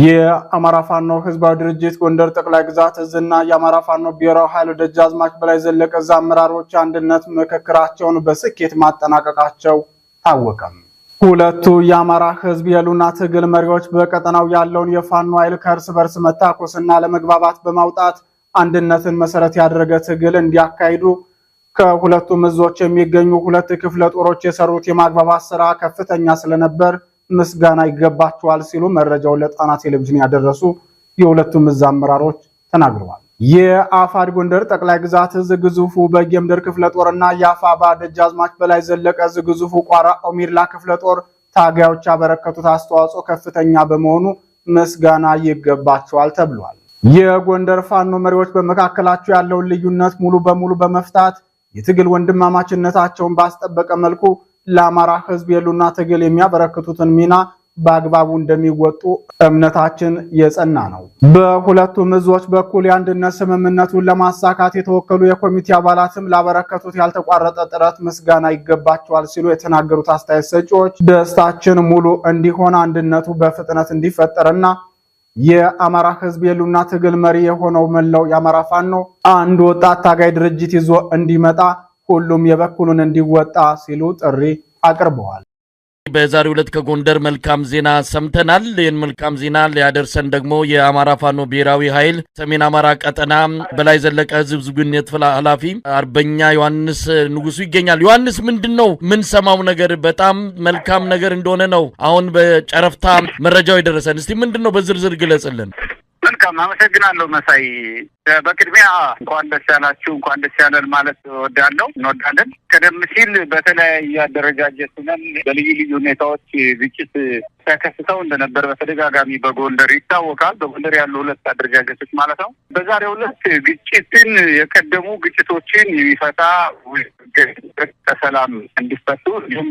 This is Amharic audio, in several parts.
የአማራ ፋኖ ህዝባዊ ድርጅት ጎንደር ጠቅላይ ግዛት እዝና የአማራ ፋኖ ብሔራዊ ኃይል ደጃዝማች በላይ ዘለቀ እዝ አመራሮች አንድነት ምክክራቸውን በስኬት ማጠናቀቃቸው ታወቀም። ሁለቱ የአማራ ህዝብ የሉና ትግል መሪዎች በቀጠናው ያለውን የፋኖ ኃይል ከእርስ በርስ መታኮስና ለመግባባት በማውጣት አንድነትን መሰረት ያደረገ ትግል እንዲያካሂዱ ከሁለቱም እዞች የሚገኙ ሁለት ክፍለ ጦሮች የሰሩት የማግባባት ስራ ከፍተኛ ስለነበር ምስጋና ይገባቸዋል ሲሉ መረጃውን ለጣና ቴሌቪዥን ያደረሱ የሁለቱም እዝ አመራሮች ተናግረዋል። የአፋድ ጎንደር ጠቅላይ ግዛት እዝ ግዙፉ በጌምድር ክፍለ ጦርና የአፋባ ደጃዝማች በላይ ዘለቀ እዝ ግዙፉ ቋራ ኦሚርላ ክፍለ ጦር ታጋዮች ያበረከቱት አስተዋጽኦ ከፍተኛ በመሆኑ ምስጋና ይገባቸዋል ተብሏል። የጎንደር ፋኖ መሪዎች በመካከላቸው ያለውን ልዩነት ሙሉ በሙሉ በመፍታት የትግል ወንድማማችነታቸውን ባስጠበቀ መልኩ ለአማራ ህዝብ የሉና ትግል የሚያበረክቱትን ሚና በአግባቡ እንደሚወጡ እምነታችን የጸና ነው። በሁለቱም እዞች በኩል የአንድነት ስምምነቱን ለማሳካት የተወከሉ የኮሚቴ አባላትም ላበረከቱት ያልተቋረጠ ጥረት ምስጋና ይገባቸዋል ሲሉ የተናገሩት አስተያየት ሰጪዎች ደስታችን ሙሉ እንዲሆን አንድነቱ በፍጥነት እንዲፈጠርና የአማራ ህዝብ የሉና ትግል መሪ የሆነው መላው የአማራ ፋኖ አንድ ወጣት ታጋይ ድርጅት ይዞ እንዲመጣ ሁሉም የበኩሉን እንዲወጣ ሲሉ ጥሪ አቅርበዋል። በዛሬው ዕለት ከጎንደር መልካም ዜና ሰምተናል። ይህን መልካም ዜና ሊያደርሰን ደግሞ የአማራ ፋኖ ብሔራዊ ኃይል ሰሜን አማራ ቀጠና በላይ ዘለቀ ህዝብ ዝግነት ኃላፊ አርበኛ ዮሐንስ ንጉሱ ይገኛል። ዮሐንስ ምንድን ነው የምንሰማው ነገር? በጣም መልካም ነገር እንደሆነ ነው አሁን በጨረፍታ መረጃው የደረሰን። እስቲ ምንድን ነው በዝርዝር ግለጽልን። በጣም አመሰግናለሁ መሳይ። በቅድሚያ እንኳን ደስ ያላችሁ እንኳን ደስ ያለን ማለት ወዳለው እንወዳለን። ቀደም ሲል በተለያየ አደረጃጀት ነን በልዩ ልዩ ሁኔታዎች ግጭት ተከስተው እንደነበር በተደጋጋሚ በጎንደር ይታወቃል። በጎንደር ያሉ ሁለት አደረጃጀቶች ማለት ነው። በዛሬው ዕለት ግጭትን የቀደሙ ግጭቶችን የሚፈታ ሰላም እንዲፈቱ እንዲሁም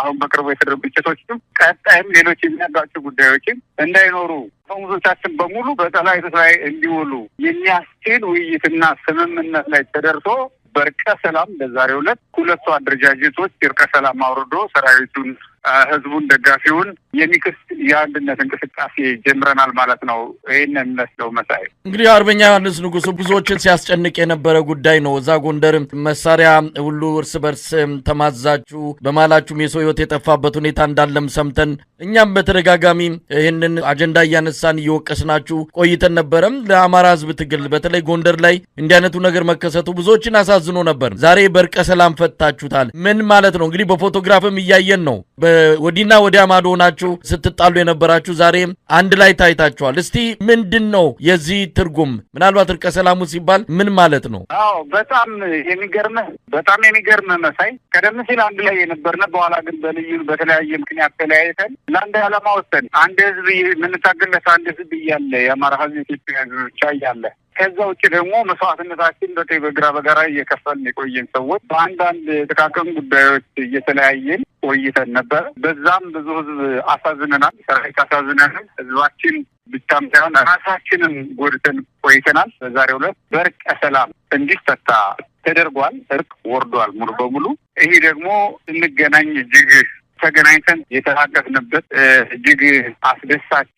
አሁን በቅርቡ የተደረጉ ግጭቶችም ቀጣይም ሌሎች የሚያጋጩ ጉዳዮችን እንዳይኖሩ ሙዞቻችን በሙሉ በጠላይነት ላይ እንዲውሉ የሚያስችል ውይይትና ስምምነት ላይ ተደርሶ በእርቀ ሰላም በዛሬው ዕለት ሁለቱ አደረጃጀቶች እርቀ ሰላም አውርዶ ሰራዊቱን ህዝቡን፣ ደጋፊውን የሚክስ የአንድነት እንቅስቃሴ ጀምረናል ማለት ነው። ይህን የሚመስለው መሳይ እንግዲህ አርበኛ ዮሐንስ ንጉሱ ብዙዎችን ሲያስጨንቅ የነበረ ጉዳይ ነው። እዛ ጎንደር መሳሪያ ሁሉ እርስ በርስ ተማዛችሁ በማላችሁም የሰው ህይወት የጠፋበት ሁኔታ እንዳለም ሰምተን እኛም በተደጋጋሚ ይህንን አጀንዳ እያነሳን እየወቀስናችሁ ቆይተን ነበረም። ለአማራ ህዝብ ትግል በተለይ ጎንደር ላይ እንዲህ አይነቱ ነገር መከሰቱ ብዙዎችን አሳዝኖ ነበር። ዛሬ በእርቀ ሰላም ፈታችሁታል። ምን ማለት ነው እንግዲህ በፎቶግራፍም እያየን ነው። ወዲና ወዲያ ማዶ ሆናችሁ ስትጣሉ የነበራችሁ ዛሬ አንድ ላይ ታይታችኋል። እስቲ ምንድን ነው የዚህ ትርጉም? ምናልባት እርቀ ሰላሙ ሲባል ምን ማለት ነው? አዎ በጣም የሚገርምህ በጣም የሚገርመ መሳይ ቀደም ሲል አንድ ላይ የነበርነ በኋላ ግን በልዩ በተለያየ ምክንያት ተለያየተን ለአንድ ዓላማ ወሰን አንድ ህዝብ የምንታገለት አንድ ህዝብ እያለ የአማራ ህዝብ ኢትዮጵያ ብቻ እያለ ከዛ ውጭ ደግሞ መስዋዕትነታችን በቀኝ በግራ በጋራ እየከፈልን የቆየን ሰዎች በአንዳንድ ጥቃቅን ጉዳዮች እየተለያየን ቆይተን ነበር በዛም ብዙ ህዝብ አሳዝነናል። ሰራዊት አሳዝነናል። ህዝባችን ብቻም ሳይሆን ራሳችንም ጎድተን ቆይተናል። በዛሬው ዕለት በእርቀ ሰላም እንዲፈታ ተደርጓል። እርቅ ወርዷል ሙሉ በሙሉ። ይሄ ደግሞ እንገናኝ እጅግ ተገናኝተን የተላቀፍንበት እጅግ አስደሳች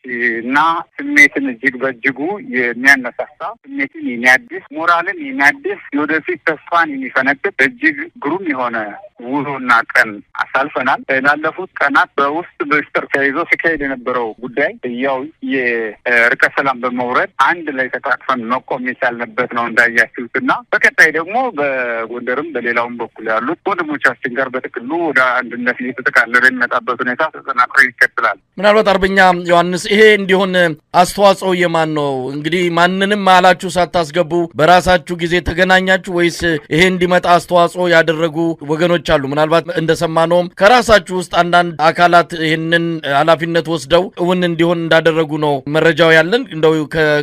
እና ስሜትን እጅግ በእጅጉ የሚያነሳሳ ስሜትን የሚያድስ ሞራልን የሚያድስ የወደፊት ተስፋን የሚፈነጥቅ እጅግ ግሩም የሆነ ውሎና ቀን አሳልፈናል። ላለፉት ቀናት በውስጥ በስጥር ተይዞ ሲካሄድ የነበረው ጉዳይ ያው የርቀት ሰላም በመውረድ አንድ ላይ ተቃቅፈን መቆም የቻልንበት ነው እንዳያችሁት እና በቀጣይ ደግሞ በጎንደርም በሌላውም በኩል ያሉት ወንድሞቻችን ጋር በጥቅሉ ወደ አንድነት እየተጠቃለ የሚመጣበት ሁኔታ ተጠናክሮ ይቀጥላል። ምናልባት አርበኛ ዮሐንስ ይሄ እንዲሆን አስተዋጽኦ የማን ነው? እንግዲህ ማንንም መሀላችሁ ሳታስገቡ በራሳችሁ ጊዜ ተገናኛችሁ ወይስ ይሄ እንዲመጣ አስተዋጽኦ ያደረጉ ወገኖች አሉ? ምናልባት እንደሰማነውም ከራሳችሁ ውስጥ አንዳንድ አካላት ይህንን ኃላፊነት ወስደው እውን እንዲሆን እንዳደረጉ ነው መረጃው ያለን። እንደው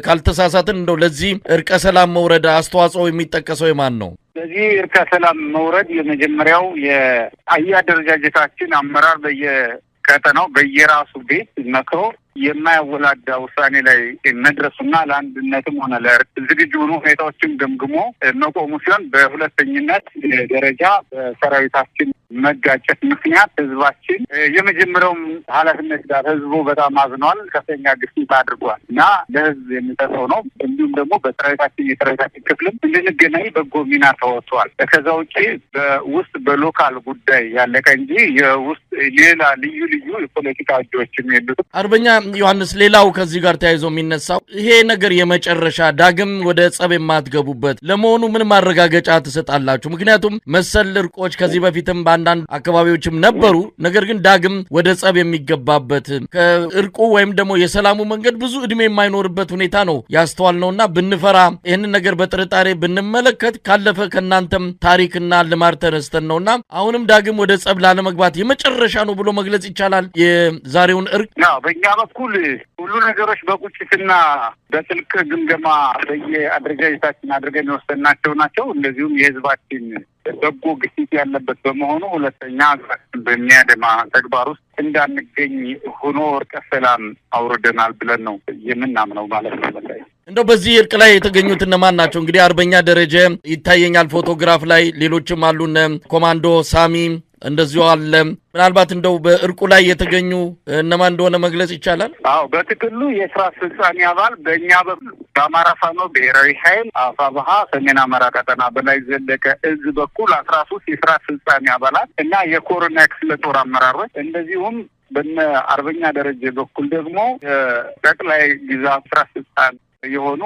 ካልተሳሳትን እንደው ለዚህ እርቀ ሰላም መውረድ አስተዋጽኦ የሚጠቀሰው የማን ነው? በዚህ የኤርትራ ሰላም መውረድ የመጀመሪያው የአደረጃጀታችን አመራር በየቀጠናው በየራሱ ቤት መክሮ የማያወላዳ ውሳኔ ላይ መድረሱና ለአንድነትም ሆነ ዝግጁ ሆኑ ሁኔታዎችን ገምግሞ መቆሙ ሲሆን በሁለተኝነት ደረጃ በሰራዊታችን መጋጨት ምክንያት ህዝባችን የመጀመሪያውም ኃላፊነት ጋር ህዝቡ በጣም አዝኗል። ከፍተኛ ግፊት አድርጓል እና ለህዝብ የሚጠሰው ነው። እንዲሁም ደግሞ በጥረታችን የጥረታችን ክፍልም እንድንገናኝ በጎ ሚና ተወጥቷል። ከዛ ውጭ በውስጥ በሎካል ጉዳይ ያለቀ እንጂ የውስጥ ሌላ ልዩ ልዩ የፖለቲካ እጆችም የሉት። አርበኛ ዮሐንስ፣ ሌላው ከዚህ ጋር ተያይዞ የሚነሳው ይሄ ነገር የመጨረሻ ዳግም ወደ ጸብ የማትገቡበት ለመሆኑ ምን ማረጋገጫ ትሰጣላችሁ? ምክንያቱም መሰል እርቆች ከዚህ በፊትም በአንድ አንዳንድ አካባቢዎችም ነበሩ። ነገር ግን ዳግም ወደ ጸብ የሚገባበት ከእርቁ ወይም ደግሞ የሰላሙ መንገድ ብዙ እድሜ የማይኖርበት ሁኔታ ነው ያስተዋል እና ብንፈራ ይህንን ነገር በጥርጣሬ ብንመለከት ካለፈ ከእናንተም ታሪክና ልማድ ተነስተን ነውና አሁንም ዳግም ወደ ጸብ ላለመግባት የመጨረሻ ነው ብሎ መግለጽ ይቻላል። የዛሬውን እርቅ በእኛ በኩል ሁሉ ነገሮች በቁጭትና በጥልቅ ግምገማ በየአደረጃጀታችን አድርገን የወሰናቸው ናቸው። እንደዚሁም የህዝባችን በጎ ግፊት ያለበት በመሆኑ ሁለተኛ ሀገራችን በሚያደማ ተግባር ውስጥ እንዳንገኝ ሆኖ እርቀ ሰላም አውርደናል ብለን ነው የምናምነው ማለት ነው። እንደው በዚህ እርቅ ላይ የተገኙት እነማን ናቸው? እንግዲህ አርበኛ ደረጀ ይታየኛል ፎቶግራፍ ላይ ሌሎችም አሉን፣ ኮማንዶ ሳሚ እንደዚሁ አለ። ምናልባት እንደው በእርቁ ላይ የተገኙ እነማን እንደሆነ መግለጽ ይቻላል? አዎ፣ በጥቅሉ የስራ አስፈጻሚ አባል በእኛ በኩል በአማራ ፋኖ ብሔራዊ ኃይል አፋብሃ ሰሜን አማራ ቀጠና በላይ ዘለቀ እዝ በኩል አስራ ሶስት የስራ አስፈጻሚ አባላት እና የኮሮና ክፍለ ጦር አመራሮች እንደዚሁም በነ አርበኛ ደረጀ በኩል ደግሞ ጠቅላይ ግዛት ስራ አስፈጻሚ የሆኑ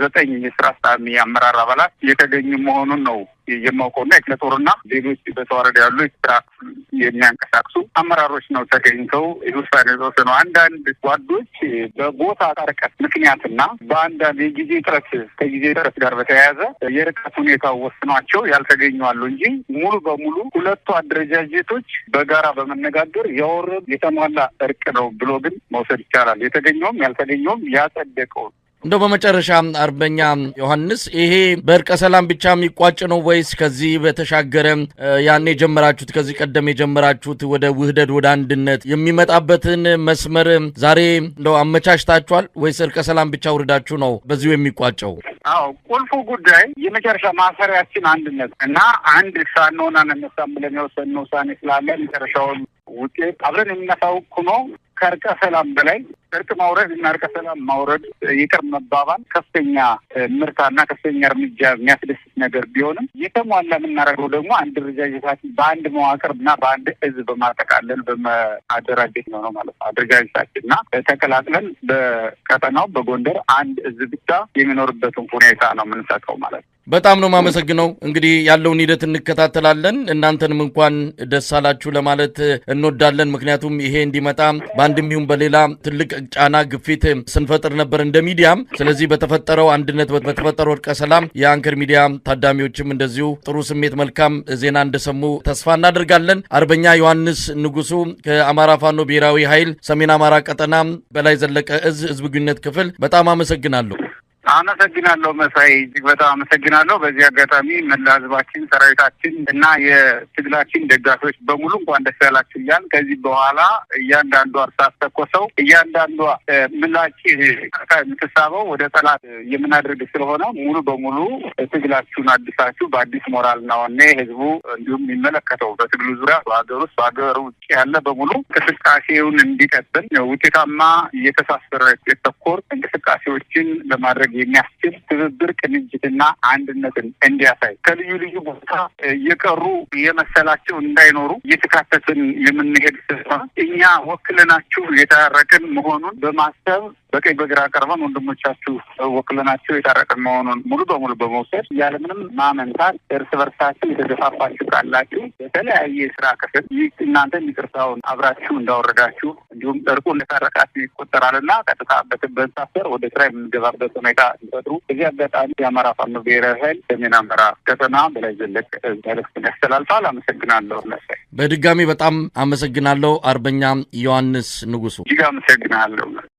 ዘጠኝ የስራ አስፈጻሚ የአመራር አባላት የተገኙ መሆኑን ነው የማውቀውና ክፍለ ጦርና ሌሎች በተዋረድ ያሉ ስራ የሚያንቀሳቅሱ አመራሮች ነው ተገኝተው ውሳኔ የተወሰነው። አንዳንድ ጓዶች በቦታ ርቀት ምክንያትና በአንዳንድ የጊዜ ጥረት ከጊዜ ጥረት ጋር በተያያዘ የርቀት ሁኔታ ወስኗቸው ያልተገኙ አሉ እንጂ ሙሉ በሙሉ ሁለቱ አደረጃጀቶች በጋራ በመነጋገር ያወረድ የተሟላ እርቅ ነው ብሎ ግን መውሰድ ይቻላል። የተገኘውም ያልተገኘውም ያጸደቀውን እንደው በመጨረሻ አርበኛ ዮሐንስ ይሄ በእርቀ ሰላም ብቻ የሚቋጭ ነው ወይስ ከዚህ በተሻገረ ያኔ የጀመራችሁት ከዚህ ቀደም የጀመራችሁት ወደ ውህደት ወደ አንድነት የሚመጣበትን መስመር ዛሬ እንደው አመቻችታችኋል ወይስ እርቀ ሰላም ብቻ ውርዳችሁ ነው በዚሁ የሚቋጨው? አዎ ቁልፉ ጉዳይ የመጨረሻ ማሰሪያችን አንድነት እና አንድ ሳንሆናን ነሳም ብለን የወሰን ውሳኔ ስላለ መጨረሻውን ውጤት አብረን የምናሳው ኩኖ ከእርቀ ሰላም በላይ እርቅ ማውረድ እና እርቀ ሰላም ማውረድ ይቅር መባባል ከፍተኛ ምርታና ከፍተኛ እርምጃ የሚያስደስት ነገር ቢሆንም የተሟላ የምናደርገው ደግሞ አንድ አደረጃጀታችን በአንድ መዋቅር እና በአንድ እዝ በማጠቃለል በአደራጀት ነው ነው ማለት ነው። አደረጃጀታችን እና ተቀላቅለን በቀጠናው በጎንደር አንድ እዝ ብቻ የሚኖርበትን ሁኔታ ነው የምንሰጠው ማለት ነው። በጣም ነው የማመሰግነው። እንግዲህ ያለውን ሂደት እንከታተላለን። እናንተንም እንኳን ደስ አላችሁ ለማለት እንወዳለን። ምክንያቱም ይሄ እንዲመጣ በአንድም ይሁን በሌላ ትልቅ ጫና፣ ግፊት ስንፈጥር ነበር እንደ ሚዲያም። ስለዚህ በተፈጠረው አንድነት፣ በተፈጠረው እርቀ ሰላም የአንከር ሚዲያ ታዳሚዎችም እንደዚሁ ጥሩ ስሜት፣ መልካም ዜና እንደሰሙ ተስፋ እናደርጋለን። አርበኛ ዮሐንስ ንጉሱ ከአማራ ፋኖ ብሔራዊ ኃይል ሰሜን አማራ ቀጠና በላይ ዘለቀ እዝ ህዝብ ግንኙነት ክፍል በጣም አመሰግናለሁ። አመሰግናለሁ መሳይ፣ እጅግ በጣም አመሰግናለሁ። በዚህ አጋጣሚ መላ ህዝባችን፣ ሰራዊታችን እና የትግላችን ደጋፊዎች በሙሉ እንኳን ደስ ያላችሁ ከዚህ በኋላ እያንዳንዷ እርሳስ ተኮሰው እያንዳንዷ ምላጭ የምትሳበው ወደ ጠላት የምናደርግ ስለሆነ ሙሉ በሙሉ ትግላችሁን አድሳችሁ በአዲስ ሞራል ና ህዝቡ እንዲሁም የሚመለከተው በትግሉ ዙሪያ በሀገር ውስጥ በሀገር ውጭ ያለ በሙሉ እንቅስቃሴውን እንዲቀጥል ውጤታማ እየተሳሰረ የተኮር እንቅስቃሴዎችን ለማድረግ የሚያስችል ትብብር፣ ቅንጅትና አንድነትን እንዲያሳይ ከልዩ ልዩ ቦታ እየቀሩ የመሰላቸው እንዳይኖሩ እየተካተትን የምንሄድ እኛ ወክለናችሁ የታረቅን መሆኑን በማሰብ በቀኝ በግራ ቀርበን ወንድሞቻችሁ ወክለናችሁ የታረቅን መሆኑን ሙሉ በሙሉ በመውሰድ ያለምንም ማመንታት እርስ በርሳችሁ የተገፋፋችሁ ካላችሁ በተለያየ ስራ ክፍል ይህ እናንተ የሚቅርታውን አብራችሁ እንዳወረዳችሁ እንዲሁም እርቁ እንደታረቃችሁ ይቆጠራልና ቀጥታ በትበንሳፈር ወደ ስራ የምንገባበት ሁኔታ ሲፈጥሩ እዚህ አጋጣሚ የአማራ ፋኖ ብሔራዊ ኃይል ሰሜን አማራ ከተማ በላይ ዘለቅ መልዕክት ያስተላልፋል። አመሰግናለሁ። መሳይ በድጋሚ በጣም አመሰግናለሁ። አርበኛ ዮሐንስ ንጉሱ እጅግ አመሰግናለሁ።